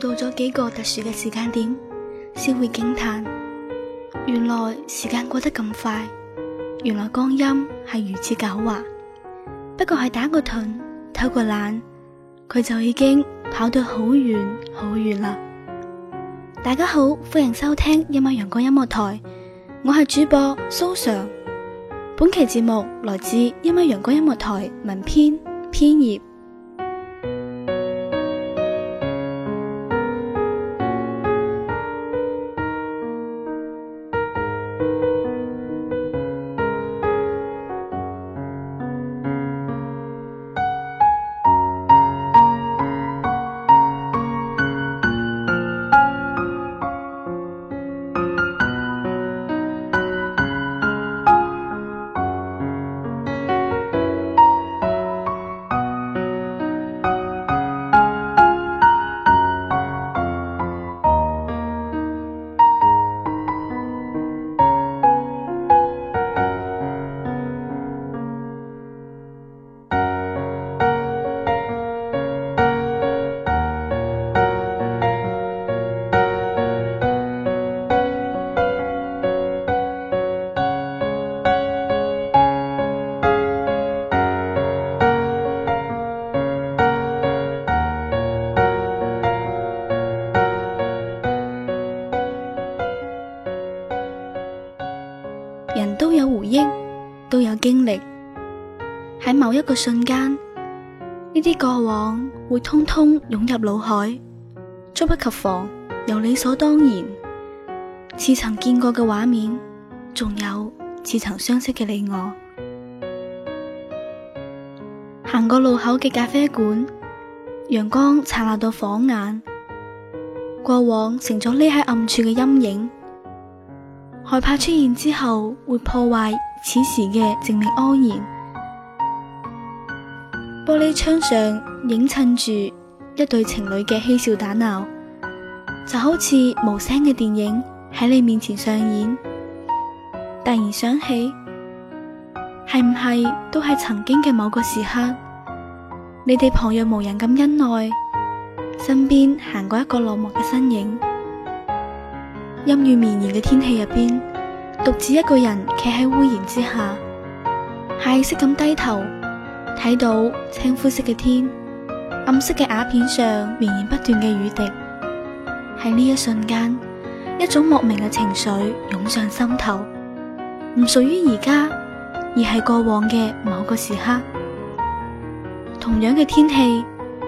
到咗幾個特殊嘅時間點，先會驚嘆，原來時間過得咁快，原來光陰係如此狡猾。不過係打個盹，偷個懶，佢就已經跑到好遠好遠啦。大家好，歡迎收聽一米陽光音樂台，我係主播蘇常。本期節目來自一米陽光音樂台文編編頁。亦都有經歷，喺某一個瞬間，呢啲過往會通通湧入腦海，猝不及防又理所當然，似曾見過嘅畫面，仲有似曾相識嘅你我。行過路口嘅咖啡館，陽光燦爛到晃眼，過往成咗匿喺暗處嘅陰影。害怕出現之後會破壞此時嘅靜謐安然。玻璃窗上映襯住一對情侶嘅嬉笑打鬧，就好似無聲嘅電影喺你面前上演。突然想起，係唔係都係曾經嘅某個時刻，你哋旁若無人咁恩愛，身邊行過一個落寞嘅身影。陰雨綿延嘅天氣入邊，獨自一個人企喺屋檐之下，下意識咁低頭睇到青灰色嘅天，暗色嘅瓦片上綿延不斷嘅雨滴。喺呢一瞬間，一種莫名嘅情緒湧上心頭，唔屬於而家，而係過往嘅某個時刻。同樣嘅天氣，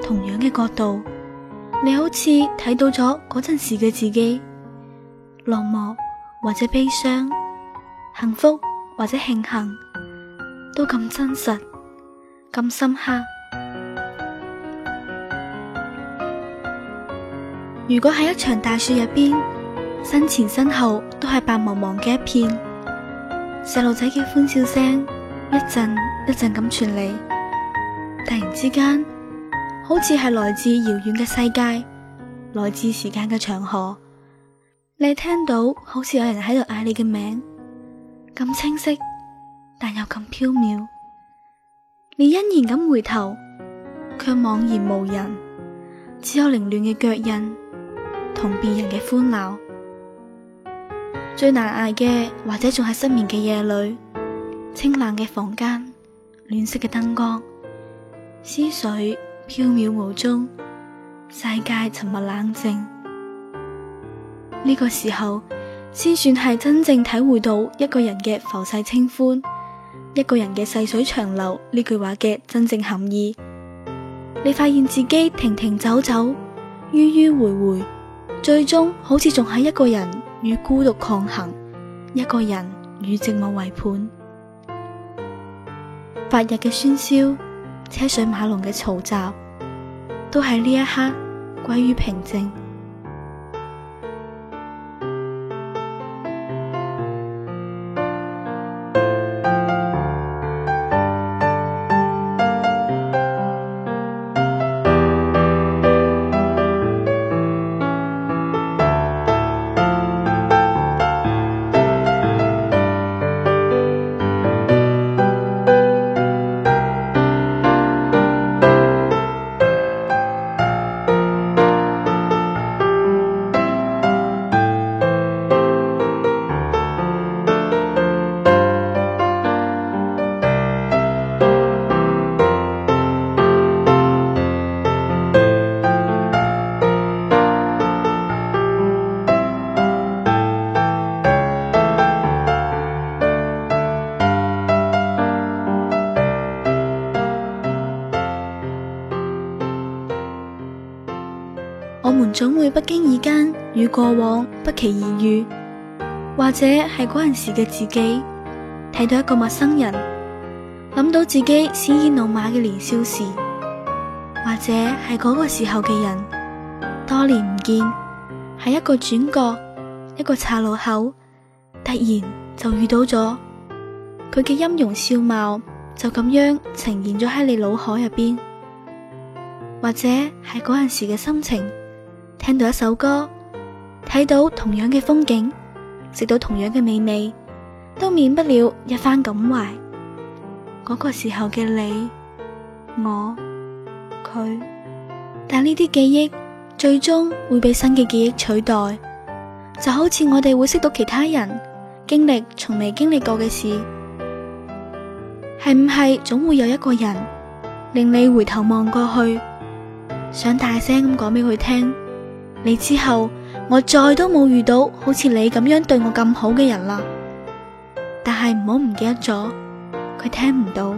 同樣嘅角度，你好似睇到咗嗰陣時嘅自己。落寞或者悲傷，幸福或者慶幸，都咁真實，咁深刻。 如果喺一場大雪入邊，身前身後都係白茫茫嘅一片，細路仔嘅歡笑聲一陣一陣咁傳嚟，突然之間，好似係來自遙遠嘅世界，來自時間嘅長河。你聽到好似有人喺度嗌你嘅名，咁清晰，但又咁飄渺。你欣然咁回頭，卻茫然無人，只有凌亂嘅腳印同別人嘅歡鬧。最難捱嘅，或者仲係失眠嘅夜裏，清冷嘅房間，暖色嘅燈光，思緒飄渺無蹤，世界沉默冷靜。呢個時候，先算係真正體會到一個人嘅浮世清歡，一個人嘅細水長流呢句話嘅真正含義。你發現自己停停走走，迂迂回回，最終好似仲係一個人與孤獨抗衡，一個人與寂寞為伴。白日嘅喧囂，車水馬龍嘅嘈雜，都喺呢一刻歸於平靜。總會不經意間與過往不期而遇，或者係嗰陣時嘅自己睇到一個陌生人，諗到自己鮮衣怒馬嘅年少時，或者係嗰個時候嘅人，多年唔見，喺一個轉角、一個岔路口，突然就遇到咗，佢嘅音容笑貌就咁樣呈現咗喺你腦海入邊，或者係嗰陣時嘅心情。聽到一首歌，睇到同樣嘅風景，食到同樣嘅美味，都免不了一番感懷。嗰個時候嘅你、我、佢，但呢啲記憶最終會俾新嘅記憶取代，就好似我哋會識到其他人，經歷從未經歷過嘅事，係唔係總會有一個人令你回頭望過去，想大聲咁講俾佢聽？你之後，我再都冇遇到好似你咁樣對我咁好嘅人啦。但係唔好唔記得咗，佢聽唔到。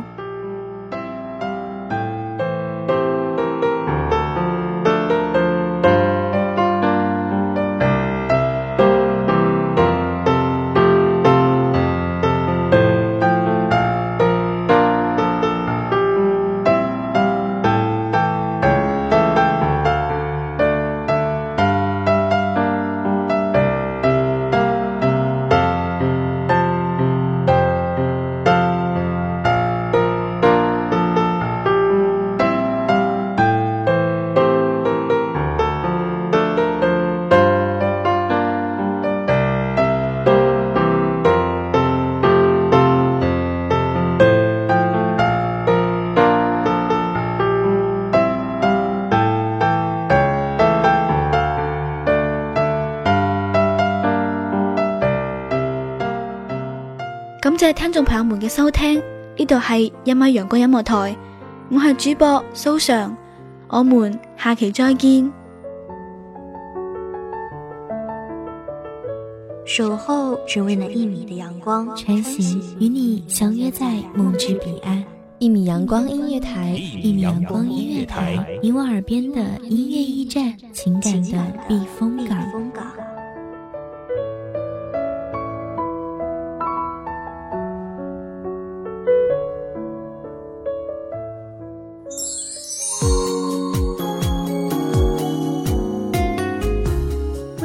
感謝聽眾朋友們嘅收聽，呢度係一米陽光音樂台，我係主播蘇常。我們下期再見。守候只為那一米的陽光，晨曦與你相約在夢之彼岸。一米陽光音樂台，一米陽光音樂台，你我耳邊的音樂驛站，情感的避風港。